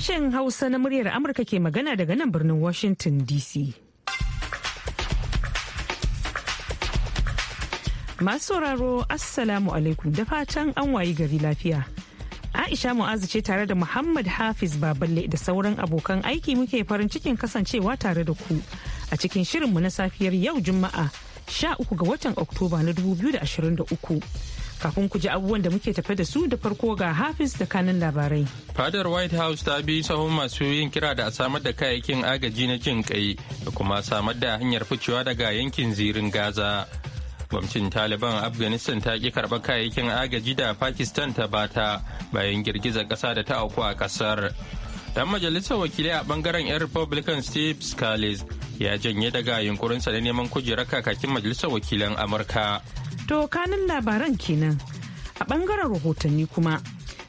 Sashen Hausa na muryar Amurka ke magana daga nan birnin Washington DC. Masu sauraro Assalamu alaikum da fatan an wayi gari lafiya. Aisha Mu'azu ce tare da Muhammad Hafiz Baballe da sauran abokan aiki muke farin cikin kasancewa tare da ku a cikin shirinmu na safiyar yau Juma'a 13 ga watan Oktoba na 2023. kafin ku ji abubuwan da muke tafe da su da farko ga hafiz da kanin labarai fadar white house ta bi sahun masu yin kira da a samar da kayayyakin agaji na jin kai da kuma samar da hanyar ficewa daga yankin zirin gaza gwamnatin taliban afghanistan ta ki karɓar kayayyakin agaji da pakistan ta bata bayan girgizar ƙasa da ta auku a ƙasar dan majalisar wakilai a bangaren 'yan republican steve scalise ya janye daga yunkurinsa da neman kujerar kakakin majalisar wakilan amurka To kanin labaran kenan. A bangaren rahotanni kuma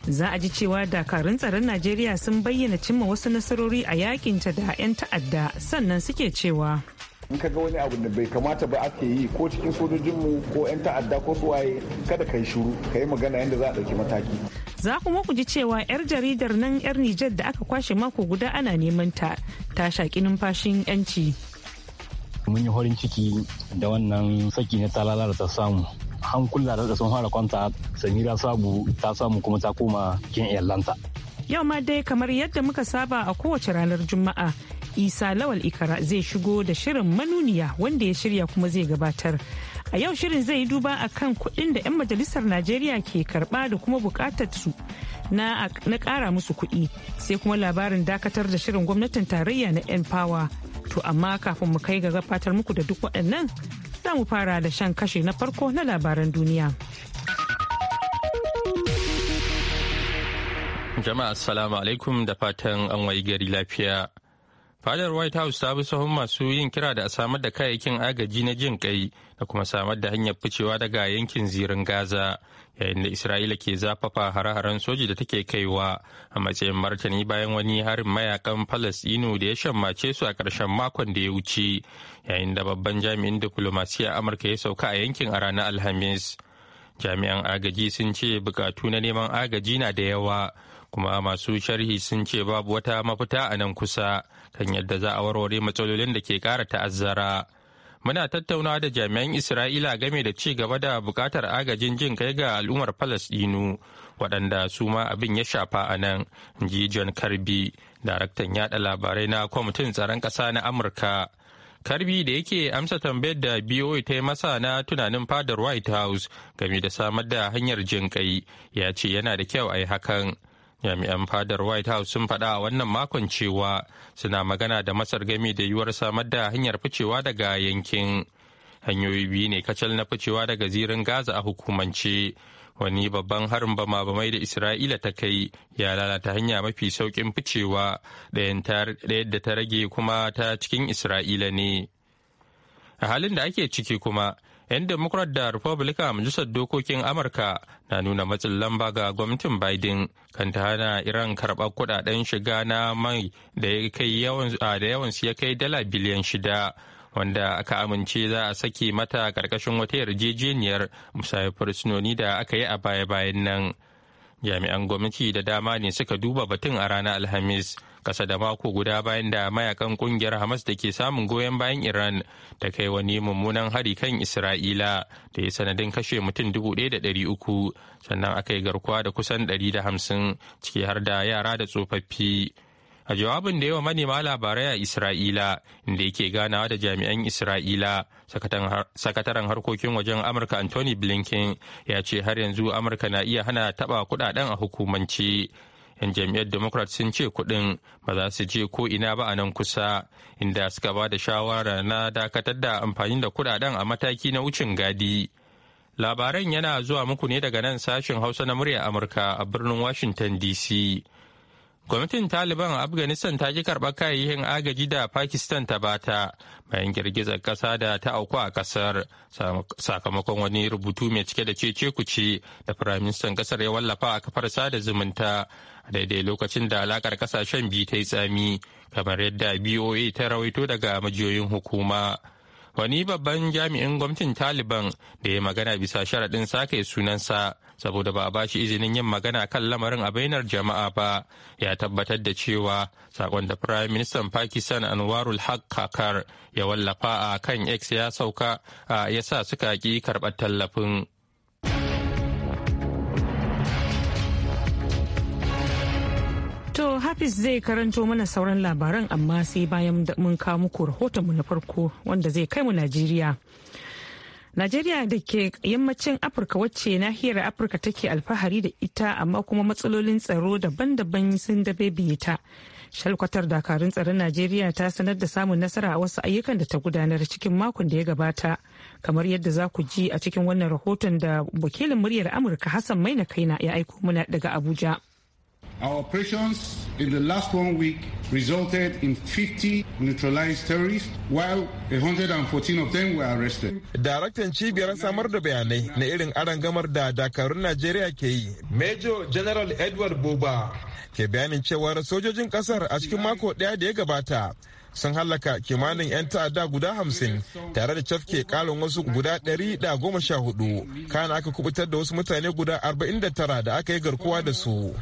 za a ji cewa dakarun tsaron Najeriya sun bayyana cimma wasu nasarori a yakin ta da 'yan ta'adda sannan suke cewa. in ka ga wani abu da bai kamata ba ake yi ko cikin sojojinmu ko 'yan ta'adda ko suwaye kada ka yi shuru ka yi magana yadda za a ɗauki mataki. Za kuma ku ji cewa 'yar jaridar nan 'yar Nijar da aka kwashe mako guda ana neman ta ta shaƙi numfashin 'yanci. mun yi horin ciki da wannan saki na talala da ta samu hankula da sun fara kwanta samira sabu ta samu kuma ta koma kin yallanta yau ma dai kamar yadda muka saba a kowace ranar juma'a isa lawal ikara zai shigo da shirin manuniya wanda ya shirya kuma zai gabatar a yau shirin zai yi duba a kan kuɗin da 'yan majalisar najeriya ke karɓa da kuma buƙatar su na ƙara musu kuɗi sai kuma labarin dakatar da shirin gwamnatin tarayya na 'yan fawa To amma kafin mu kai ga gabatar muku da duk waɗannan za mu fara da shan kashe na farko na labaran duniya. Jama'a assalamu alaikum da fatan an wayi gari lafiya. fadar white house ta bi sahun masu yin kira da a samar da kayayyakin agaji na jin kai da kuma samar da hanyar ficewa daga yankin zirin gaza yayin da isra'ila ke zafafa hare-haren soji da take kaiwa a matsayin martani bayan wani harin mayakan palestino da ya shammace su a ƙarshen makon da ya wuce yayin da babban jami'in diplomasiya amurka ya sauka a yankin a ranar alhamis jami'an agaji sun ce bukatu na neman agaji na da yawa kuma masu sharhi sun ce babu wata mafita a nan kusa kan yadda za a warware matsalolin da ke kara ta'azzara. Muna tattaunawa da jami'an Isra'ila game da ci gaba da buƙatar agajin jin kai ga al'ummar Falasɗinu waɗanda su ma abin ya shafa a nan, ji John Karbi, daraktan yaɗa labarai na kwamitin tsaron ƙasa na Amurka. karbi da yake amsa tambayar da BOA ta yi masa na tunanin fadar White House game da samar da hanyar jin kai ya ce yana da kyau a yi hakan. jami'an fadar white house sun faɗa a wannan makon cewa suna magana da masar gami da yiwuwar samar da hanyar ficewa daga yankin hanyoyi biyu ne kacal na ficewa daga zirin gaza a hukumance wani babban harin bama bamai da isra'ila ta kai ya lalata hanya mafi saukin ficewa ɗayan da ta rage kuma ta cikin isra'ila ne a halin da ake ciki kuma 'yan democrat da republican majalisar dokokin amurka na nuna matsin lamba ga gwamnatin biden kan ta hana iran karɓar kudaden shiga na mai da yawan su ya kai dala biliyan shida wanda aka amince za a sake mata karkashin wata yarjejeniyar musayar fursunoni da aka yi a baya-bayan nan jami'an gwamnati da dama ne suka duba batun a ranar alhamis kasa da mako guda bayan da mayakan kungiyar hamas da ke samun goyon bayan iran ta kai wani mummunan hari kan isra'ila da ya sanadin kashe mutum dubu ɗaya da ɗari uku sannan aka yi garkuwa da kusan ɗari da hamsin ciki har da yara da tsofaffi a jawabin da yawa manema labarai a isra'ila inda yake ganawa da jami'an isra'ila sakataren harkokin wajen amurka anthony blinken ya ce har yanzu amurka na iya hana taba kudaden a hukumance 'yan jam'iyyar democrat sun ce kuɗin ba za su je ko ina ba a nan kusa inda suka ba da shawara na dakatar da amfani da kuɗaɗen a mataki na wucin gadi labaran yana zuwa muku ne daga nan sashen hausa na murya amurka a birnin washington dc Gwamnatin Taliban a Afghanistan ta ki karɓar kayayyakin agaji da Pakistan ta bata bayan girgizar ƙasa da ta auku a ƙasar sakamakon wani rubutu mai cike da cece kuce da Firaministan ƙasar ya wallafa a kafar sada zumunta a daidai lokacin da alakar ƙasashen biyu ta yi tsami kamar yadda BOA ta rawaito daga majiyoyin hukuma. wani babban jami'in gwamnatin taliban da ya magana bisa sharaɗin sake sunansa saboda ba a bashi izinin yin magana kan lamarin a bainar jama'a ba ya tabbatar da cewa sakon da prime minister pakistan anwarul haq kakar ya wallafa a kan x ya sauka ya sa suka ki karɓar tallafin To Hafiz zai karanto mana sauran labaran amma sai bayan mun kawo muku rahotonmu na farko wanda zai kai mu Najeriya. Najeriya da ke yammacin Afirka wacce nahiyar Afirka take alfahari da ita amma kuma matsalolin tsaro daban-daban sun dabe ta. shalkwatar dakarun tsaron najeriya ta sanar da samun nasara a wasu ayyukan da ta gudanar cikin makon da ya gabata kamar yadda za ku ji a cikin wannan rahoton da wakilin muryar amurka hassan maina kaina ya aiko mana daga abuja Our operations in the last one week resulted in 50 neutralized terrorists while 114 of them were arrested. Daraktan cibiyar samar da bayanai na irin arangamar da dakarun Najeriya ke yi. Major General Edward Buba ke bayanin cewar sojojin kasar a cikin mako ɗaya da ya gabata sun hallaka kimanin 'yan ta'adda guda hamsin tare da cafke kalon wasu guda ɗari da goma sha hudu kayan aka kubutar da wasu mutane guda arba'in da tara da aka yi garkuwa da su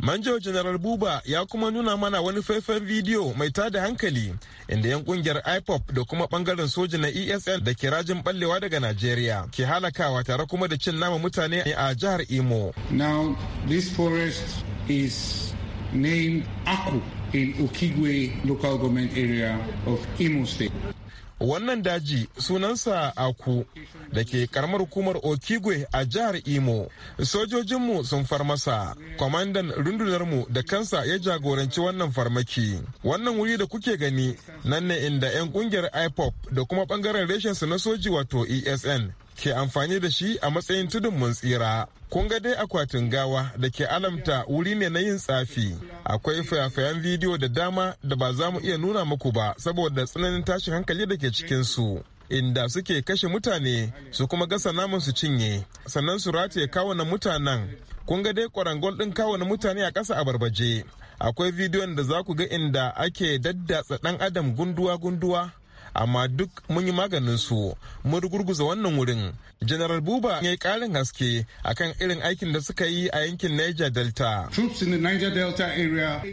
manjo general buba ya kuma nuna mana wani faifan bidiyo mai tada hankali inda 'yan kungiyar ipop da kuma bangaren soja na esn da ke rajin ballewa daga nigeria. ke halakawa tare kuma da cin nama mutane a jihar imo now this forest is named aku in Ukigwe local government area of Imo State. Wannan daji sunansa Aku da ke karamar hukumar Okigwe a jihar Imo. Sojojinmu sun farmasa masa, kwamandan rundunarmu da kansa ya jagoranci wannan farmaki. Wannan wuri da kuke gani nan ne inda 'yan kungiyar IPOP da kuma bangaren reshensu na soji wato ESN ke amfani da shi a matsayin tudun mun tsira. Kun ga dai akwatin gawa da ke alamta wuri ne na yin tsafi. Akwai fayafayan bidiyo da dama da ba za mu iya nuna muku ba saboda tsananin tashin hankali da ke cikinsu. Inda suke kashe mutane su kuma gasa naman su cinye, sannan su rataye kawunan mutanen. Kun ga dai kwarangol ɗin kawunan mutane a ƙasa a barbaje. Akwai bidiyon da za ku ga inda ake daddatsa ɗan adam gunduwa-gunduwa amma duk mun yi maganin su mun rugurguza wannan wurin general buba ya yi karin haske akan irin aikin da suka yi a yankin niger delta troops in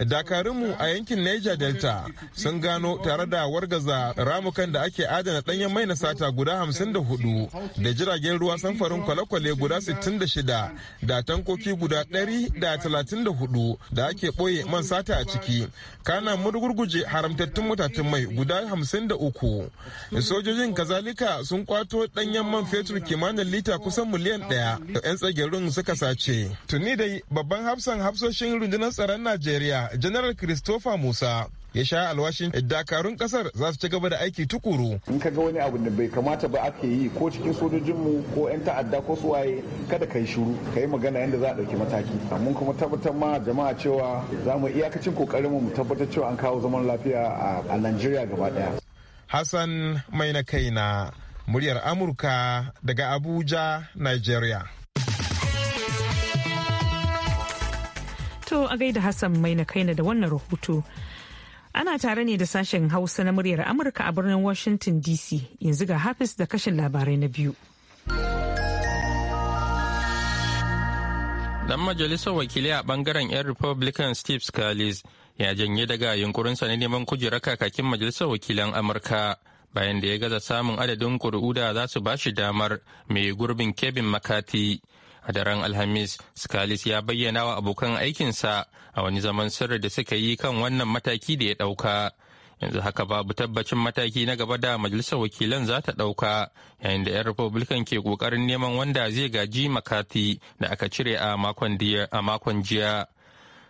dakarunmu a yankin niger delta sun gano tare da wargaza ramukan da ake adana danyen mai na sata guda hamsin da hudu da jiragen ruwa samfarin kwale-kwale guda sittin da shida da tankoki guda dari da talatin da da hudu ake ɓoye man sata a ciki kana murgurguje haramtattun mutatun mai guda hamsin da uku. sojojin kazalika sun kwato danyen man fetur kimanin lita kusan miliyan daya da 'yan tsagerin suka sace tuni da babban hafsan hafsoshin rundunar tsaron najeriya general christopher musa ya sha alwashin dakarun kasar za su ci gaba da aiki tukuru. In ka ga wani abu da bai kamata ba ake yi ko cikin sojojinmu ko 'yan ta'adda ko suwaye kada ka yi shiru ka yi magana yadda za a ɗauki mataki. Mun kuma tabbatar ma jama'a cewa za mu iyakacin kokarinmu mu tabbatar cewa an kawo zaman lafiya a Najeriya gaba ɗaya. Hassan mai na kai na muryar Amurka daga Abuja, Nigeria. To a gaida Hassan mai na na da wannan rahoto. Ana tare ne da sashen Hausa na muryar Amurka a birnin Washington DC yanzu ga Hafiz da kashin labarai na biyu. Dan majalisar wakili a bangaren 'yan Republican Steve Scalise ya janye daga yunkurinsa na neman kujerar kakakin majalisar wakilan amurka bayan da ya gaza samun adadin kuri'u da za su shi damar mai gurbin kebin makati a daren alhamis scalis ya bayyana wa abokan aikinsa a wani zaman sirri da suka yi kan wannan mataki da ya ɗauka yanzu haka babu tabbacin mataki na gaba da majalisar wakilan za ta ɗauka yayin da 'yan republican ke ƙoƙarin neman wanda zai gaji makati da aka cire a makon jiya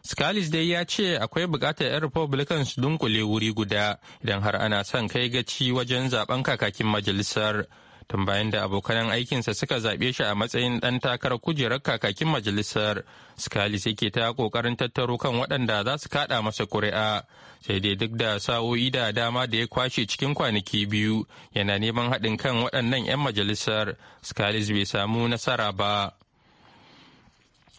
Scalise dai ya ce akwai bukatar 'yan Republican su dunkule wuri guda idan har ana son kai gaci wajen zaben kakakin majalisar. Tun bayan da abokan aikinsa suka zaɓe shi a matsayin ɗan takarar kujerar kakakin majalisar, Scalise yake ta kokarin tattaro kan waɗanda za su kaɗa masa ƙuri'a. Sai dai duk da sa'o'i da dama da ya kwashe cikin kwanaki biyu yana neman haɗin kan waɗannan 'yan majalisar, Scalise bai samu nasara ba.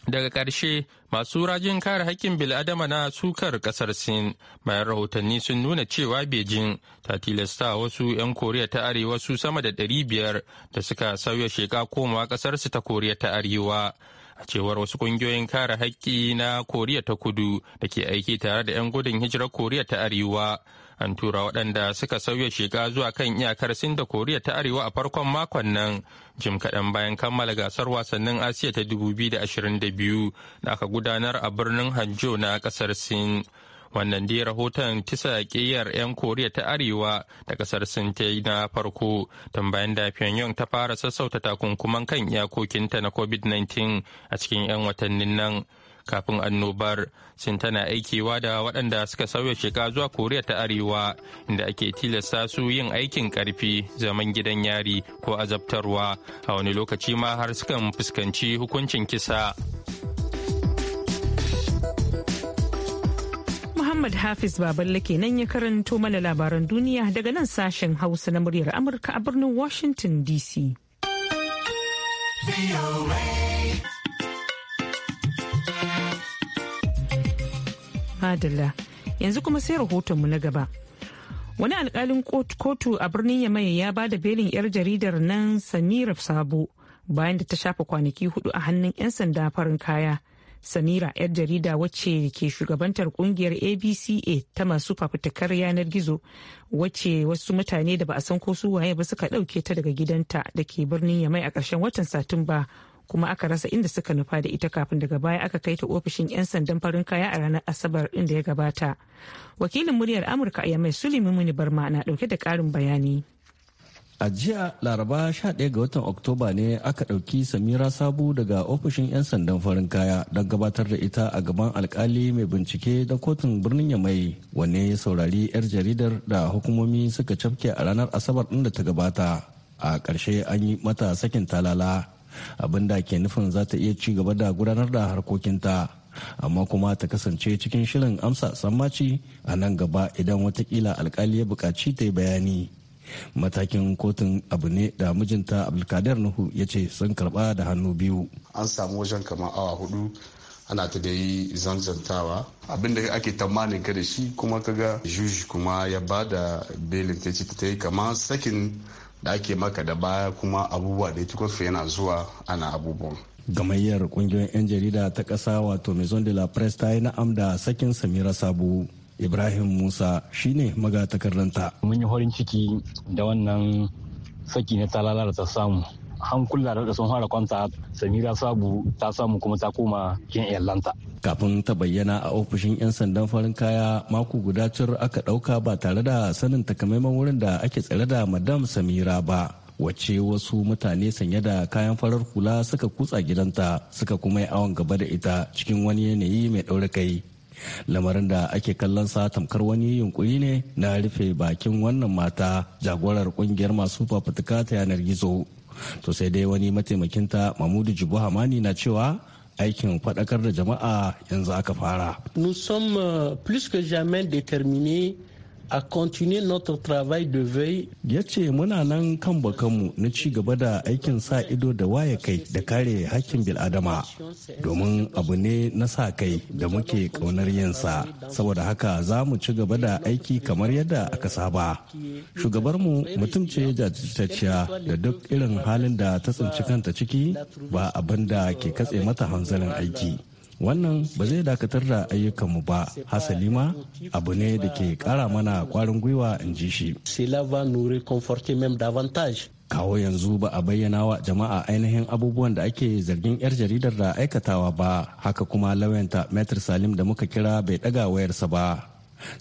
daga ƙarshe masu rajin kare haƙƙin bil'adama na sukar ƙasar sin bayan rahotanni sun nuna cewa beijing ta tilasta wasu 'yan koriya ta arewa su sama da ɗari biyar da suka sauya sheka komawa ƙasarsu ta koriya ta arewa a cewar wasu ƙungiyoyin kare haƙƙi na koriya ta kudu da ke aiki tare da 'yan gudun hijirar koriya ta arewa an tura waɗanda suka sauya shiga zuwa kan iyakar sin da koriya ta arewa a farkon makon nan jim kaɗan bayan kammala gasar wasannin asiya ta 2022 da aka gudanar a birnin hanjo na ƙasar sin wannan dai rahoton tisa ƙiyar 'yan koriya ta arewa da ƙasar sin ta yi na farko tun bayan da pyongyang ta fara sassauta takunkuman kan iyakokinta na covid-19 a cikin 'yan watannin nan kafin annobar sun tana aikewa da waɗanda suka sauya shiga zuwa koriya ta arewa inda ake tilasta su yin aikin ƙarfi zaman gidan yari ko azabtarwa a wani lokaci ma har sukan fuskanci hukuncin kisa Muhammad Hafiz Baballe nan ya karanto mana labaran duniya daga nan sashen Hausa na muryar Amurka a birnin Washington DC. madalla yanzu kuma sai rahotonmu na gaba wani alkalin kotu a birnin yamai ya ba da belin yar jaridar nan samira sabo bayan da ta shafa kwanaki hudu a hannun 'yan sanda farin kaya samira yar jarida wacce ke shugabantar kungiyar abca ta masu fafutukar yanar gizo wacce wasu mutane da ba a san ko su waye ba suka ɗauke ta daga gidanta da ke birnin yamai a ƙarshen watan satumba kuma aka rasa inda suka nufa da ita kafin daga baya aka kai ta ofishin 'yan sandan farin kaya a ranar asabar inda ya gabata wakilin muryar amurka a yamai sulimi muni barma na dauke da karin bayani a jiya laraba 11 ga watan oktoba ne aka ɗauki samira sabu daga ofishin 'yan sandan farin kaya don gabatar da ita a gaban alkali mai bincike da kotun birnin yamai wanne ya saurari 'yar jaridar da hukumomi suka cafke a ranar asabar ɗin da ta gabata a ƙarshe an yi mata sakin talala abin da ke nufin za ta iya ci gaba da gudanar da harkokinta amma kuma ta kasance cikin shirin amsa sammaci a nan gaba idan watakila alkali ya buƙaci ta yi bayani matakin kotun abu ne da mijinta abdulkadir nuhu ya ce sun karba da hannu biyu an samu wajen kamar awa hudu ana ta da yi zanzantawa abinda ake tamanin ka da shi kuma kaga juji kuma ya ba da belin ta ce ta yi kamar sakin da ake maka da baya kuma abubuwa da cikinsu yana zuwa ana abubuwa. gamayyar kungiyoyin 'yan jarida ta ƙasa wato maison de la presse ta yi na'am da sakin samira sabu ibrahim musa shine ranta. mun yi horin ciki da wannan saki na talala da ta samu hankula da sun fara kwanta samira sabu ta samu kuma ta koma kin yallanta kafin ta bayyana a ofishin 'yan sandan farin kaya mako guda cir aka ɗauka ba tare da sanin takamaiman wurin da ake tsare da madam samira ba wacce wasu mutane sanye da kayan farar kula suka kutsa gidanta suka kuma yi awon gaba da ita cikin wani yanayi mai ɗaure kai lamarin da ake kallon sa tamkar wani yunkuri ne na rufe bakin wannan mata jagorar kungiyar masu fafutuka ta yanar gizo to sai dai wani mataimakinta mamudu jibu hamani na cewa aikin faɗakar da jama'a yanzu aka fara nous sommes euh, plus que jamais déterminés a continue notre travail de veille. Ya ce muna nan kan bakanmu na ci gaba da aikin sa ido da waye kai da kare hakkin bil'adama domin abu ne na sa kai da muke kaunar yinsa saboda haka za mu ci gaba da aiki kamar yadda aka saba. Shugabarmu mutum ce jajirtacciya da duk irin halin da ta tsinci kanta ciki ba abin da ke katse mata hanzarin aiki. wannan ba zai dakatar da ayyukanmu ba hasali ma abu ne da ke kara mana kwarin gwiwa in ji shi kawo yanzu ba a bayyana wa jama'a ainihin abubuwan da ake zargin 'yar jaridar da aikatawa ba haka kuma lawanta metr salim da muka kira bai daga wayarsa ba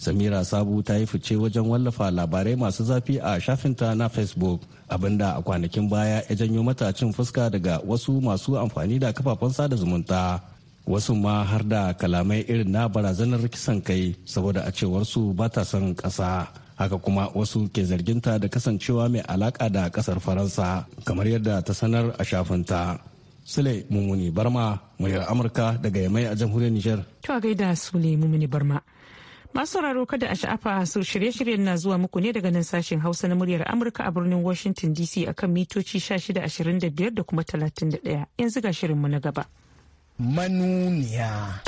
samira sabu ta yi fice wajen wallafa labarai masu zafi a shafinta na facebook abinda a kwanakin baya ya janyo mata cin fuska daga wasu masu amfani da kafafen sada zumunta wasu ma har da kalamai irin na barazanar kisan kai saboda a cewar su ba ta son ƙasa haka kuma wasu ke zarginta da kasancewa mai alaka da ƙasar faransa kamar yadda ta sanar a shafinta sule mummuni barma muryar amurka daga yamai a jamhuriyar nijar to a sule mummuni barma masu sauraro kada a sha'afa su shirye-shiryen na zuwa muku ne daga nan sashen hausa na muryar amurka a birnin washington dc akan mitoci 1625 da kuma 31 yanzu ga shirinmu na gaba. manuniya.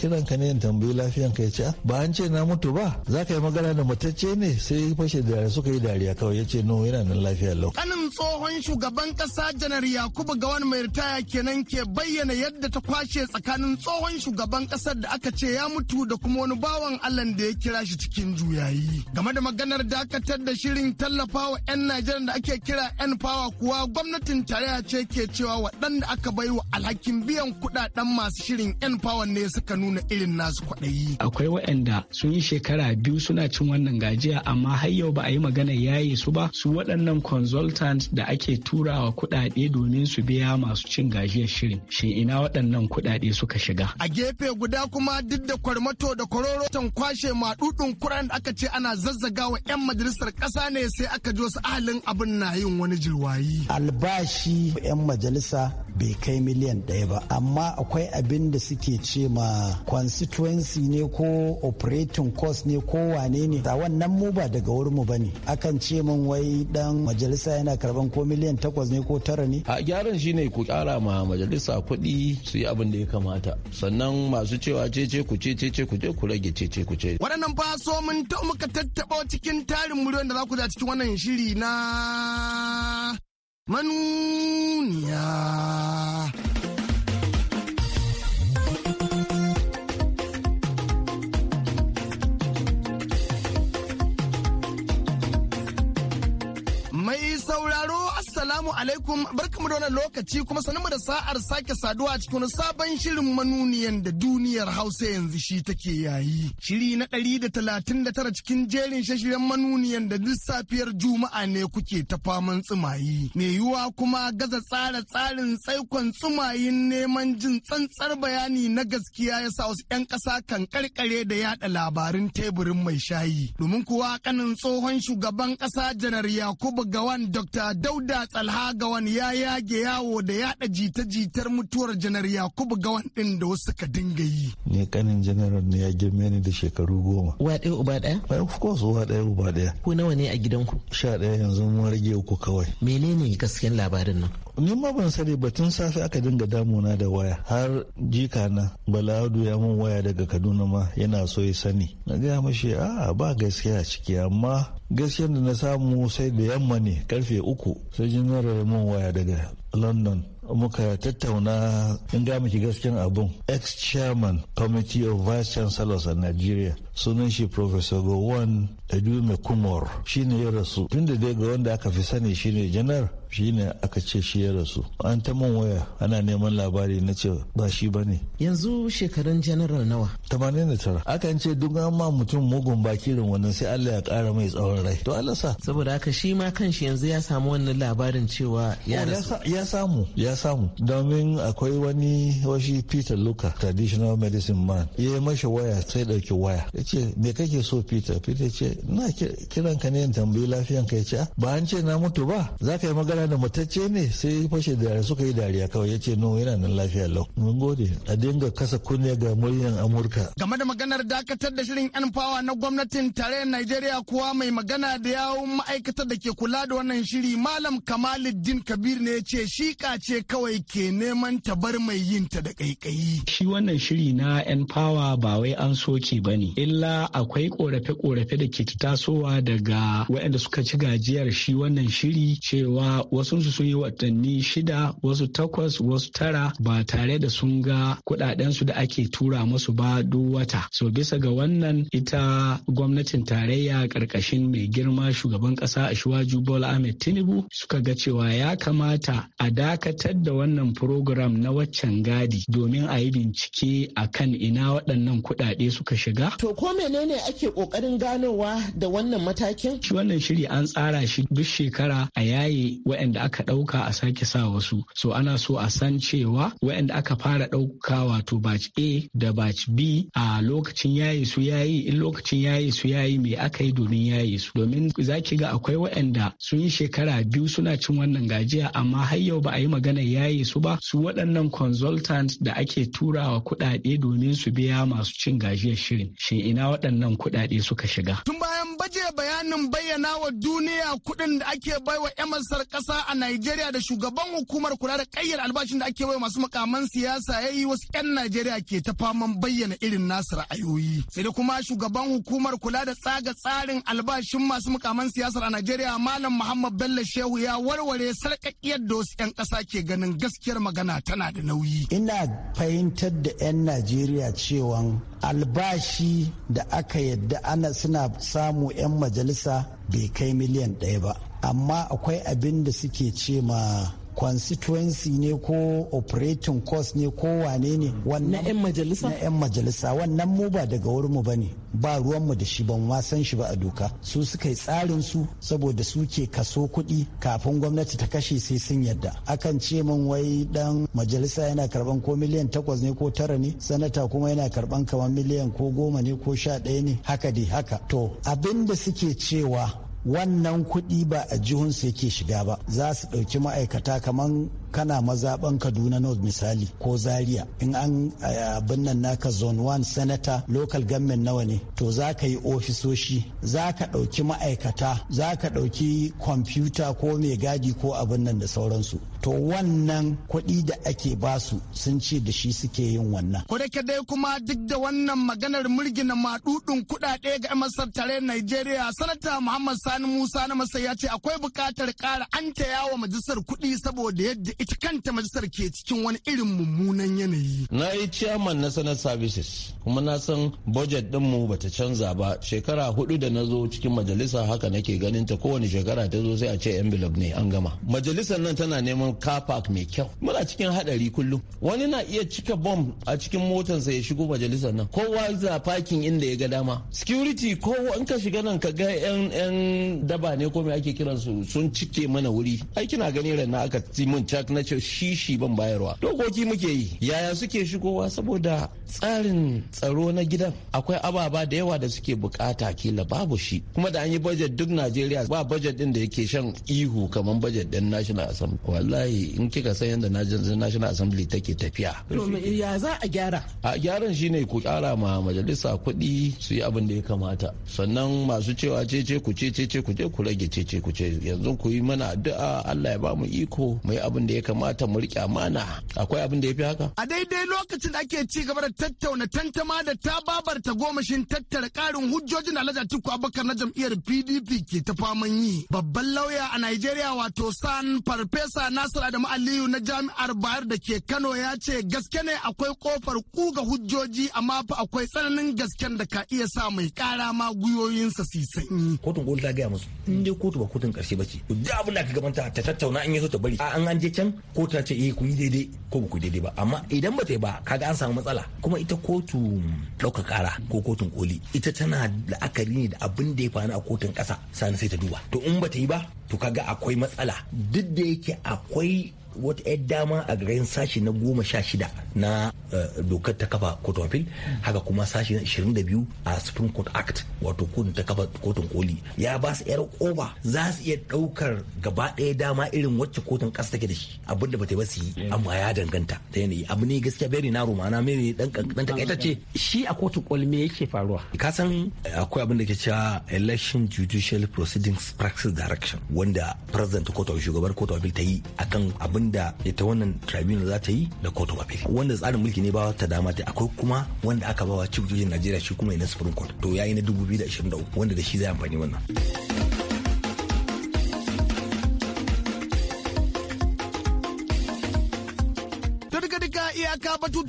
kiran ka ne in tambayi lafiyan ka ya ce ah, ba an ce na mutu ba za ka yi magana da matacce ne sai fashe da suka yi dariya kawai ya ce no yana nan lafiya lau. kanin tsohon shugaban kasa janar yakubu ga wani mai ritaya kenan ke bayyana yadda ta kwashe tsakanin tsohon shugaban kasar da aka ce ya mutu da kuma wani bawan allah da ya kira shi cikin juyayi game da maganar dakatar da shirin tallafawa 'yan najeriya da ake kira 'yan fawa kuwa gwamnatin tarayya ce ke cewa waɗanda aka baiwa alhakin biyan kuɗaɗen masu shirin 'yan fawa ne suka nuna nuna irin nasu kwaɗayi. Akwai waɗanda sun yi shekara biyu suna cin wannan gajiya amma har yau ba a yi magana yaye su ba su waɗannan consultant da ake turawa kuɗaɗe domin su biya masu cin gajiyar shirin. shi ina waɗannan kuɗaɗe suka shiga? A gefe guda kuma duk da kwarmato da kwarorotan kwashe maɗuɗin kuran da aka ce ana zazzagawa 'yan majalisar ƙasa ne sai aka ji wasu ahalin abin na yin wani jirwayi. Albashi 'yan majalisa bai kai miliyan ɗaya ba amma akwai abin da suke ce ma constituency ne ko operating cost ne ko wane ne da wannan mu ba daga wurin mu bane akan ce min wai dan majalisa yana karban ko miliyan takwas ne ko tara ne a gyaran shine ku kara ma majalisa kuɗi su yi abin da ya kamata sannan masu cewa cece ku ce cece ku je ku rage cece ku ce waɗannan fa so mun ta muka tattaɓo cikin tarin muryar da za ku da cikin wannan shiri na manuniya. Assalamu alaikum barkamu da wannan lokaci kuma sanmu da sa'ar sake saduwa a cikin sabon shirin manuniyan da duniyar Hausa yanzu shi take yayi. Shiri na ɗari da talatin da tara cikin jerin shashiren manuniyan da duk safiyar Juma'a ne kuke ta faman tsumayi. Me yiwuwa kuma gaza tsara tsarin tsaikon tsumayin neman jin tsantsar bayani na gaskiya ya sa wasu 'yan ƙasa kan karkare da yaɗa labarin teburin mai shayi. Domin kuwa kanin tsohon shugaban ƙasa janar Yakubu Gawan Dr. Dauda Tsala Talha Gawan ya yage yawo da yada jita-jitar mutuwar janar Yakubu Gawan din da wasu ka dinga yi. Ni kanin janaral ne ya girme ni da shekaru goma. Uwa ɗaya uba ɗaya? Of course uwa ɗaya uba ɗaya. Ku nawa ne a gidanku? Sha ɗaya yanzu mun rage uku kawai. Menene gasken labarin nan? ni ma ban sani ba tun safe aka dinga damuna da waya har jika na baladu ya mun waya daga kaduna ma yana so ya sani na gaya mashi a ba gaskiya ciki amma gaskiyar da na samu sai da yamma ne karfe uku sai jinara mun waya daga london muka tattauna in ga miki gaskiyar abun ex chairman committee of vice chancellors a nigeria sunan shi professor gowon edume kumor shine ya rasu tun da dai ga wanda aka fi sani shine janar shine aka ce shi ya rasu an ta man waya ana neman labari na ce ba shi ba ne yanzu shekarun janaral nawa 89 akan ce duk an ma mutum mugun baki rin wannan sai Allah ya kara mai tsawon rai to Allah sa saboda haka shi ma kanshi yanzu ya samu wannan labarin cewa ya oh, rasu ya samu ya samu domin akwai wani washi Peter Luka traditional medicine man ya mashi waya sai dauki waya ce me kake so Peter Peter ce na kiran ka ne tambayi lafiyan ka ce ah, ba an ce na mutu ba za ka yi magana yara da matacce ne sai fashe da suka yi dariya kawai ya ce no yana nan lafiya lau mun gode a dinga kasa kunya ga muryan amurka game da maganar dakatar da shirin yan fawa na gwamnatin tarayyar najeriya kuwa mai magana da yawun ma'aikatar da ke kula da wannan shiri malam kamaluddin kabir ne yace ce shika ce kawai ke neman ta bar mai yin ta da kaikayi shi wannan shiri na yan fawa ba wai an soke ba ne illa akwai korafe-korafe da ke tasowa daga waɗanda suka ci gajiyar shi wannan shiri cewa wasu sun yi watanni shida wasu takwas wasu tara ba tare da sun ga kudaden su da ake tura musu ba duk wata so bisa ga wannan ita gwamnatin tarayya karkashin mai girma shugaban kasa Ashwaju Bola Ahmed Tinubu suka ga cewa ya kamata a dakatar da wannan program na waccan gadi domin a yi bincike kan ina waɗannan kuɗaɗe suka shiga. To ko menene ake ƙoƙarin ganowa da wannan matakin? Shi wannan shiri an tsara shi duk shekara a yaye Wa'anda aka ɗauka a sake sa wasu so ana so a san cewa wa'anda aka fara ɗauka wato batch A da batch B a lokacin yayi su yayi in lokacin yayi su yayi me aka yi domin yayi su domin zaki ga akwai wa'anda sun yi shekara biyu suna cin wannan gajiya amma har yau ba a yi magana yayi su ba su waɗannan consultant da ake turawa kuɗaɗe domin su biya masu cin gajiyar shirin shin ina waɗannan kuɗaɗe suka shiga tun bayan baje bayanin bayyana wa duniya kuɗin da ake baiwa 'yan masar kasa a Najeriya da shugaban hukumar kula da kayyar albashin da ake baiwa masu makaman siyasa ya yi wasu 'yan Najeriya ke ta faman bayyana irin nasu ra'ayoyi. Sai da kuma shugaban hukumar kula da tsaga tsarin albashin masu makaman siyasar a Najeriya Malam Muhammad Bello Shehu ya warware sarƙaƙiyar da wasu 'yan ƙasa ke ganin gaskiyar magana tana da nauyi. Ina fahimtar da 'yan Najeriya cewa albashi da aka yadda ana suna samu 'yan majalisa bai kai miliyan ɗaya ba amma akwai abin da suke ce ma constituency ne ko operating cost ne ko wane ne na 'yan majalisa na 'yan majalisa wannan mu ba daga wurin mu bane ba ruwan mu da shi ban wasan shi ba a doka su suka yi tsarin su saboda su ke kaso kuɗi kafin gwamnati ta kashe sai sun yadda akan ce min wai dan majalisa yana karban ko miliyan takwas ne ko tara ne sanata kuma yana karban kamar miliyan ko goma ne ko sha ɗaya ne haka dai haka to abinda suke cewa wannan kuɗi ba a jihunsu yake shiga ba za su ɗauki ma'aikata kamar kana maza ban kaduna north misali ko zaria in an eh, abin nan naka zone 1 senator local government nawa ne to za ka yi ofisoshi za ka ɗauki ma'aikata za ka ɗauki kwamfuta ko mai gadi ko abin nan da sauransu to wannan kuɗi da ake basu sun ce da shi suke yin wannan. Kodake dai kuma duk da wannan maganar murgina maɗuɗin kuɗaɗe ga masar tare nigeria sanata Muhammad Sani Musa na Masar ya ce akwai bukatar ƙara an yawo majalisar kuɗi saboda yadda ita kanta majalisar ke cikin wani irin mummunan yanayi. Na yi ciyaman na sanar Services kuma na san budget dinmu ta canza ba shekara hudu da na zo cikin majalisa haka nake ganin ta kowane shekara ta zo sai a ce envelope ne an gama. Majalisar nan tana neman car park mai kyau. Muna cikin hadari kullum. Wani na iya cika bomb a cikin motansa ya shigo majalisar nan. Kowa za parking inda ya ga dama. Security ko in ka shiga nan ka ga yan yan daba ne ko me ake kiransu sun cike mana wuri. Ai kina gani ran na aka ci mun cak na shi shi ban bayarwa dokoki muke yi yaya suke shigowa saboda tsarin tsaro na gidan akwai ababa da yawa da suke bukata kila babu shi kuma da an yi bajet duk Najeriya ba bajet din da yake shan ihu kamar bajet din National Assembly wallahi in kika san yadda National Assembly take tafiya ya za a gyara a gyaran shine ku kara ma majalisa kuɗi su yi abin da ya kamata sannan masu cewa cece ku ce cece ku je ku rage cece ku ce yanzu ku yi mana addu'a Allah ya ba mu iko mu yi abin da ya kamata mu riƙe amana akwai abin da ya fi haka. A daidai lokacin da ake ci gaba da tattauna tantama da ta babarta gomashin tattara ƙarin hujjojin da Alhaji Atiku Abubakar na jam'iyyar PDP ke ta faman yi. Babban lauya a Najeriya wato San Farfesa Nasir Adamu Aliyu na Jami'ar Bayar da ke Kano ya ce gaske ne akwai kofar kuga hujjoji amma fa akwai tsananin gasken da ka iya sa mai ƙara ma gwiwoyinsa su sanyi. Kotun koli ta gaya musu in dai kotu ba kotun ƙarshe ba ce. Duk abin da ka gabanta ta tattauna in yi so ta bari. A an an je can ko ta ce eh kun yi daidai ko ba ku daidai ba amma idan ba ta yi ba kaga an samu matsala kuma ita kotu ɗauka kara ko kotun koli ita tana la'akari ne da abin da ya faru a kotun ƙasa sani sai ta duba to in ba ta yi ba to kaga akwai matsala duk da yake akwai wata 'yar dama a garin sashi na goma sha shida na eh, dokar ta kafa court haka kuma sashi na 22 a supreme court act wato kotun ta kafa kotun koli ya ba su 'yar koba za su iya daukar gaba ɗaya dama irin wacce kotun ƙasa take da shi abinda bata ba su yi mm. amma ya danganta ta yanayi abu ne gaskiya bai na romana mai dan takaitacce shi a kotun koli me yake faruwa ka san eh, akwai abin da ke cewa election judicial proceedings practice direction wanda president court of shugabar court ta yi akan abin da ita wannan tribunal za ta yi da court of appeal wanda tsarin mulki ne ba ta dama ta akwai kuma wanda aka bawa chief judge Najeriya shi kuma yana supreme court to yayi na 2023 wanda da shi zai amfani wannan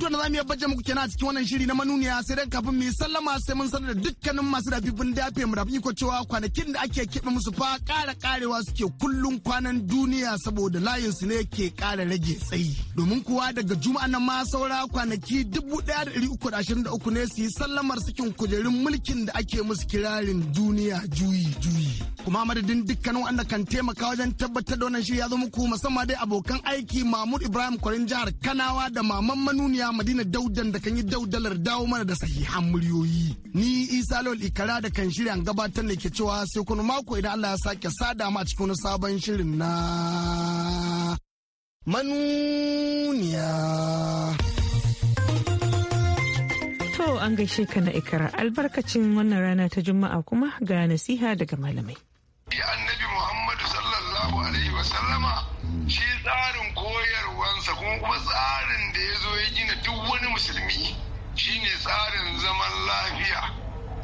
batutuwan da za mu iya baje muku kenan a cikin wannan shiri na manuniya sai dai kafin mu yi sallama sai mun sanar da dukkanin masu dafifin dafe mu da iko cewa kwanakin da ake keɓe musu fa ƙara ƙarewa suke kullum kwanan duniya saboda layin su ne ke ƙara rage tsayi. Domin kuwa daga juma'a nan ma saura kwanaki dubu ɗaya da ɗari uku da ashirin da uku ne su yi sallamar sakin kujerun mulkin da ake musu kirarin duniya juyi juyi. Kuma madadin dukkanin wanda kan taimaka wajen tabbatar da wannan shiri ya zo muku musamman dai abokan aiki Mahmud Ibrahim Kwarin jihar Kanawa da Maman Manuniya madina daudan da kan yi daudalar dawo mana da sahihan muryoyi ni isa Lol ikara da kan shirya gabatar da ke cewa sai kuma mako idan allah ya sake sada ma cikin wani sabon shirin na manuniya to an gaishe ka na ikara albarkacin wannan rana ta juma'a kuma ga nasiha daga malamai ya annabi muhammadu sallallahu alaihi wa sallama. shi tsarin koyarwansa kuma kuma tsarin da ya zo ya gina duk wani musulmi shine tsarin zaman lafiya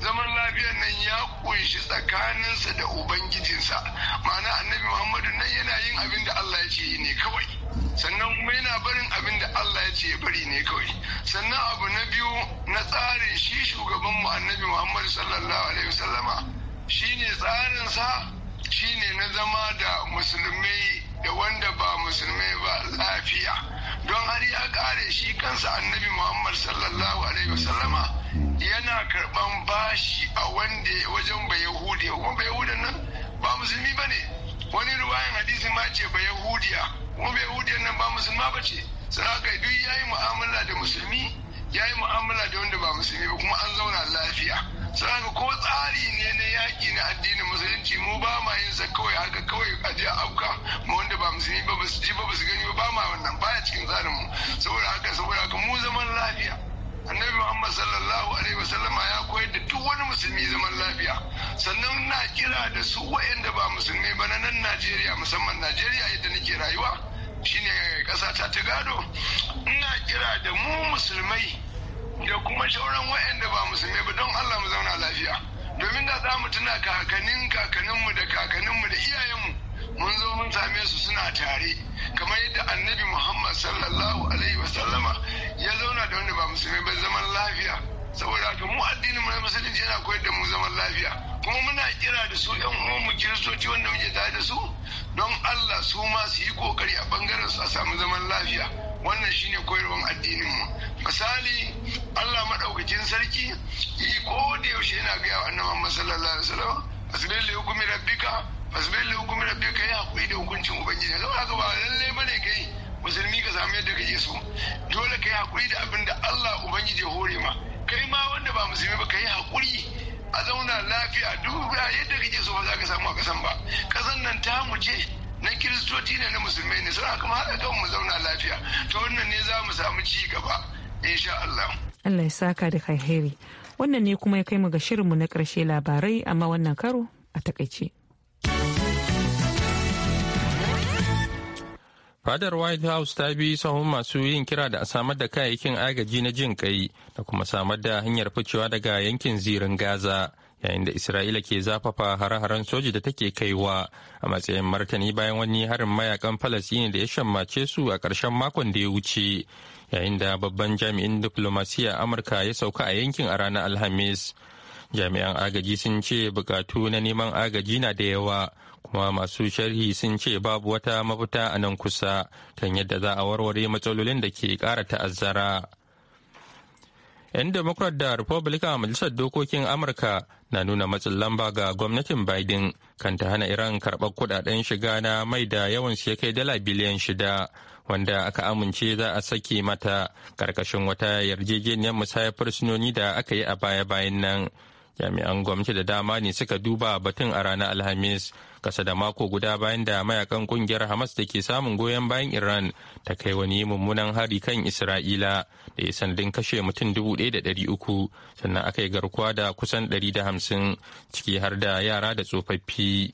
zaman lafiya nan ya kunshi tsakaninsa da ubangijinsa ma'ana annabi muhammadu nan yana yin abin da allah ya ce yi ne kawai sannan kuma yana barin abin da allah ya ce bari ne kawai sannan abu na biyu na tsarin shi shugabanmu annabi muhammadu sallallahu alaihi wasallama shine tsarinsa shine na zama da musulmai da wanda ba musulmai ba lafiya don har ya kare shi kansa annabi muhammad sallallahu alaihi wasallama yana karban bashi a wanda wajen ba yahudiya kuma ba yahudiyan nan ba musulmi ba ne wani ruwayan hadisi ma ce ba yahudiya kuma ba yahudiyan nan ba musulma ba ce saraka duk yayi mu'amala da musulmi yayi mu'amala da wanda ba musulmi ba kuma an zauna lafiya saka ko tsari ne na yaƙi na addinin musulunci mu ba ma yin sa kawai haka kawai a je auka mu wanda ba musulmi ba ba su ji ba ba su gani ba ba ma wannan baya cikin tsarin mu saboda haka saboda haka mu zaman lafiya annabi muhammad sallallahu alaihi wasallama ya koyar da duk wani musulmi zaman lafiya sannan na kira da su wa'anda ba musulmi ba na nan najeriya musamman najeriya yadda nake rayuwa shine ƙasa ta ta gado ina kira da mu musulmai da kuma shauran wa. lafiya domin da za mu tuna kakannin kakanninmu da kakanninmu da iyayenmu mun zo mun same su suna tare kamar yadda annabi muhammad sallallahu alaihi wasallama ya zauna da wanda ba musulmi ba zaman lafiya saboda ka mu addinin mu na musulunci yana koyar da mu zaman lafiya kuma muna kira da su yan uwanmu kiristoci wanda muke tare da su don allah su ma su yi kokari a bangaren su a samu zaman lafiya wannan shine koyarwan addinin mu misali Allah madaukakin sarki yi ko da yaushe yana ga annabi Muhammad sallallahu alaihi wasallam asbil li hukmi rabbika asbil li hukmi rabbika ya hakuri da hukuncin ubangiji kamar haka ba lalle bane kai musulmi ka samu yadda kake so dole kai hakuri da abin da Allah ubangiji ya hore ma kai ma wanda ba musulmi ba kai hakuri a zauna lafiya duk yadda kake so ba za ka samu a kasan ba kasan nan ta muje. na kiristoci ne na musulmai ne suna kuma haɗa kan mu zauna lafiya to wannan ne za mu samu ci gaba insha Allah. Allah ya saka da kai wannan ne kuma ya kai mu ga shirinmu na ƙarshe labarai amma wannan karo a takaice. Fadar White House ta bi sahun masu yin kira da a samar da kayayyakin agaji na jin kai da kuma samar da hanyar ficewa daga yankin zirin Gaza yayin da isra'ila ke zafafa hare-haren soji da take kaiwa a matsayin martani bayan wani harin mayakan falasini da ya shammace su a ƙarshen makon da ya wuce yayin da babban jami'in diplomasiya amurka ya sauka a yankin a ranar alhamis jami'an agaji sun ce bukatu na neman agaji na da yawa kuma masu sharhi sun ce babu wata mafita a nan kusa kan yadda za a warware matsalolin da ke ƙara ta'azzara. 'yan democrat da republican a majalisar dokokin amurka na nuna matsin lamba ga gwamnatin biden kan ta hana iran karɓar kudaden shiga na mai da yawan su ya kai dala biliyan shida wanda aka amince za a sake mata ƙarƙashin wata yarjejeniyar musayar fursunoni da aka yi a baya-bayan nan jami'an gwamnati da dama ne suka duba batun a ranar alhamis kasa da mako guda bayan da mayakan kungiyar hamas da ke samun goyon bayan iran ta kai wani mummunan hari kan isra'ila da ya sandin kashe mutum uku sannan aka yi garkuwa da kusan da hamsin ciki har da yara da tsofaffi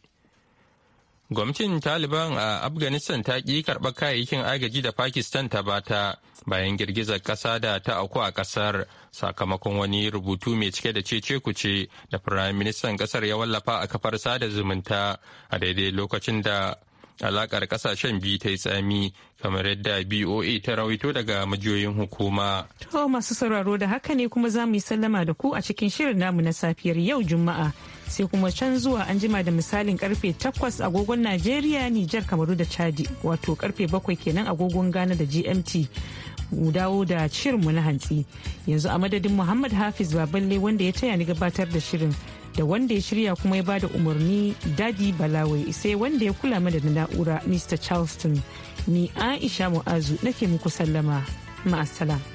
Gwamnatin Taliban a Afghanistan ta ki karɓar kayayyakin agaji da Pakistan ta bata bayan girgizar ƙasa da ta auku a ƙasar sakamakon wani rubutu mai cike da cece kuce da Firayim Ministan ƙasar ya wallafa a kafar sada zumunta a daidai lokacin da alakar kasashen biyu ta yi tsami kamar yadda boa ta rawaito daga majiyoyin hukuma. To masu sauraro da haka ne kuma za mu yi sallama da ku a cikin shirin namu na safiyar yau juma'a sai kuma can zuwa an jima da misalin karfe 8 agogon Najeriya, Nijar, Kamaru da Chadi wato karfe 7 kenan agogon Ghana da GMT. mu dawo da shirinmu na hantsi yanzu a madadin muhammad hafiz baballe wanda ya taya ni gabatar da shirin da wanda ya shirya kuma ya bada umarni dadi balawai sai wanda ya kula mana da na'ura mr charleston ni aisha mu'azu nake muku sallama ma'asala.